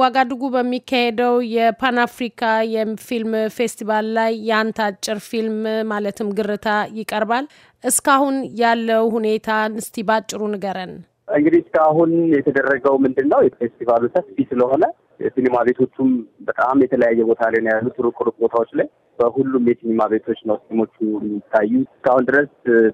ዋጋ ድጉ በሚካሄደው የፓን አፍሪካ የፊልም ፌስቲቫል ላይ የአንተ አጭር ፊልም ማለትም ግርታ ይቀርባል። እስካሁን ያለው ሁኔታ እስቲ ባጭሩ ንገረን። እንግዲህ እስካሁን የተደረገው ምንድን ነው? የፌስቲቫሉ ሰፊ ስለሆነ የሲኒማ ቤቶቹም በጣም የተለያየ ቦታ ላይ ነው ያሉት፣ ሩቅ ሩቅ ቦታዎች ላይ በሁሉም የሲኒማ ቤቶች ነው ፊልሞቹ የሚታዩ። እስካሁን ድረስ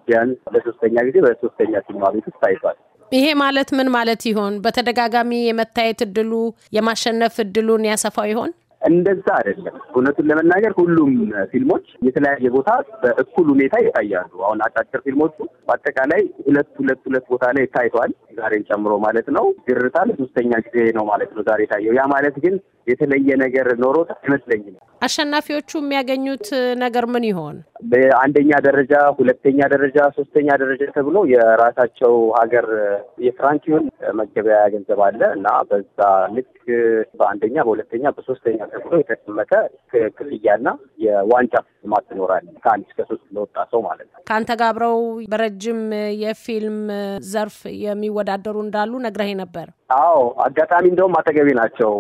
ቢያንስ ለሶስተኛ ጊዜ በሶስተኛ ሲኒማ ቤቶች ታይቷል። ይሄ ማለት ምን ማለት ይሆን? በተደጋጋሚ የመታየት እድሉ የማሸነፍ እድሉን ያሰፋው ይሆን? እንደዛ አይደለም። እውነቱን ለመናገር ሁሉም ፊልሞች የተለያየ ቦታ በእኩል ሁኔታ ይታያሉ። አሁን አጫጭር ፊልሞቹ በአጠቃላይ ሁለት ሁለት ሁለት ቦታ ላይ ታይቷል፣ ዛሬን ጨምሮ ማለት ነው። ግርታ ለሶስተኛ ጊዜ ነው ማለት ነው ዛሬ ታየው። ያ ማለት ግን የተለየ ነገር ኖሮት አይመስለኝም። አሸናፊዎቹ የሚያገኙት ነገር ምን ይሆን? በአንደኛ ደረጃ፣ ሁለተኛ ደረጃ፣ ሶስተኛ ደረጃ ተብሎ የራሳቸው ሀገር የፍራንክ ይሁን መገበያ ገንዘብ አለ እና በዛ ልክ በአንደኛ፣ በሁለተኛ፣ በሶስተኛ ተብሎ የተቀመጠ ክፍያና የዋንጫ ልማት ትኖራለች ከአንድ እስከ ሶስት ለወጣ ሰው ማለት ነው። ከአንተ ጋር አብረው በረጅም የፊልም ዘርፍ የሚወዳደሩ እንዳሉ ነግረኸኝ ነበር። አዎ አጋጣሚ እንደውም አተገቢ ናቸው።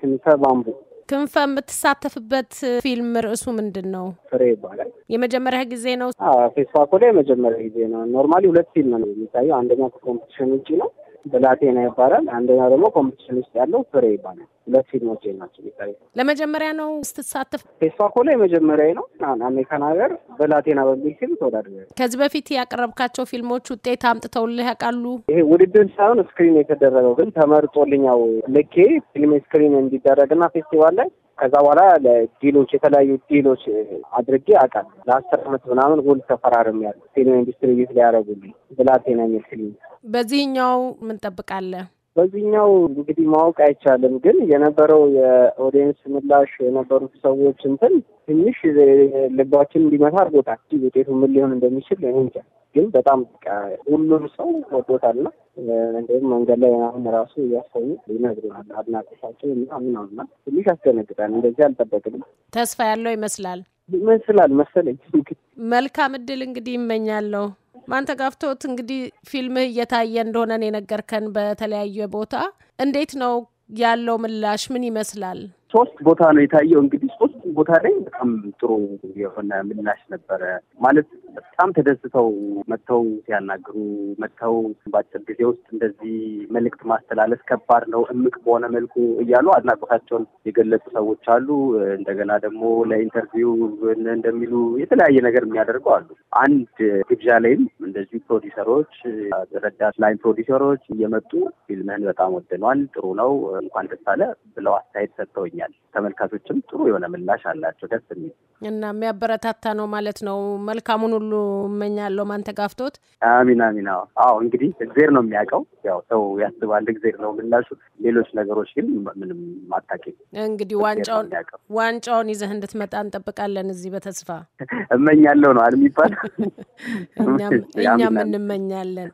ክንፈ ባምቡ ክንፈ የምትሳተፍበት ፊልም ርዕሱ ምንድን ነው? ፍሬ ይባላል። የመጀመሪያ ጊዜ ነው ፌስፋኮ ላይ የመጀመሪያ ጊዜ ነው። ኖርማሊ ሁለት ፊልም ነው የሚታየው። አንደኛው ከኮምፒቲሽን ውጭ ነው ብላቴና ይባላል። አንደኛው ደግሞ ኮምፒቲሽን ውስጥ ያለው ፍሬ ይባላል። ሁለት ፊልሞች ናቸው ሚታየ። ለመጀመሪያ ነው ስትሳተፍ? ፌስፋኮ ላይ መጀመሪያ ነው። አሜሪካን ሀገር ብላቴና በሚል ፊልም ተወዳድ ከዚህ በፊት ያቀረብካቸው ፊልሞች ውጤት አምጥተውልህ ያውቃሉ? ይሄ ውድድር ሳይሆን ስክሪን የተደረገው ግን ተመርጦልኛው ልኬ ፊልም ስክሪን እንዲደረግና ፌስቲቫል ላይ ከዛ በኋላ ለዲሎች የተለያዩ ዲሎች አድርጌ አውቃለሁ። ለአስር አመት ምናምን ውል ተፈራርም ያለ ፊልም ኢንዱስትሪ ሊያደረጉልኝ ብላቴና የሚል ፊልም በዚህኛው ምን ጠብቃለህ? በዚህኛው እንግዲህ ማወቅ አይቻልም፣ ግን የነበረው የኦዲየንስ ምላሽ የነበሩት ሰዎች እንትን ትንሽ ልባችን እንዲመታ አድርጎታል። ውጤቱ ምን ሊሆን እንደሚችል እንጃ፣ ግን በጣም ሁሉም ሰው ወዶታል ና እንዲሁም መንገድ ላይ አሁን ራሱ እያሰኙ ይነግሩናል አድናቆቻቸው እና ትንሽ ያስደነግጣል። እንደዚህ አልጠበቅንም። ተስፋ ያለው ይመስላል ይመስላል መሰለኝ። መልካም እድል እንግዲህ ይመኛለሁ። ማንተ ጋፍቶት እንግዲህ ፊልምህ እየታየ እንደሆነን የነገርከን በተለያየ ቦታ እንዴት ነው ያለው ምላሽ ምን ይመስላል? ሶስት ቦታ ነው የታየው። ቦታ ላይ በጣም ጥሩ የሆነ ምላሽ ነበረ። ማለት በጣም ተደስተው መጥተው ሲያናግሩ መጥተው በአጭር ጊዜ ውስጥ እንደዚህ መልእክት ማስተላለፍ ከባድ ነው እምቅ በሆነ መልኩ እያሉ አድናቆታቸውን የገለጹ ሰዎች አሉ። እንደገና ደግሞ ለኢንተርቪው እንደሚሉ የተለያየ ነገር የሚያደርገው አሉ። አንድ ግብዣ ላይም እንደዚሁ ፕሮዲሰሮች፣ ረዳት ላይን ፕሮዲሰሮች እየመጡ ፊልምህን በጣም ወደኗል፣ ጥሩ ነው፣ እንኳን ደስ አለ ብለው አስተያየት ሰጥተውኛል። ተመልካቾችም ጥሩ የሆነ ምላሽ አላቸው። ደስ የሚል እና የሚያበረታታ ነው ማለት ነው። መልካሙን ሁሉ እመኛለሁ። ተጋፍቶት አሚን አሚን። አዎ እንግዲህ እግዜር ነው የሚያውቀው። ያው ሰው ያስባል፣ እግዜር ነው ምላሹ። ሌሎች ነገሮች ግን ምንም ማታቂ። እንግዲህ ዋንጫውን ዋንጫውን ይዘህ እንድትመጣ እንጠብቃለን። እዚህ በተስፋ እመኛለሁ ነው አልሚባል እኛም እንመኛለን።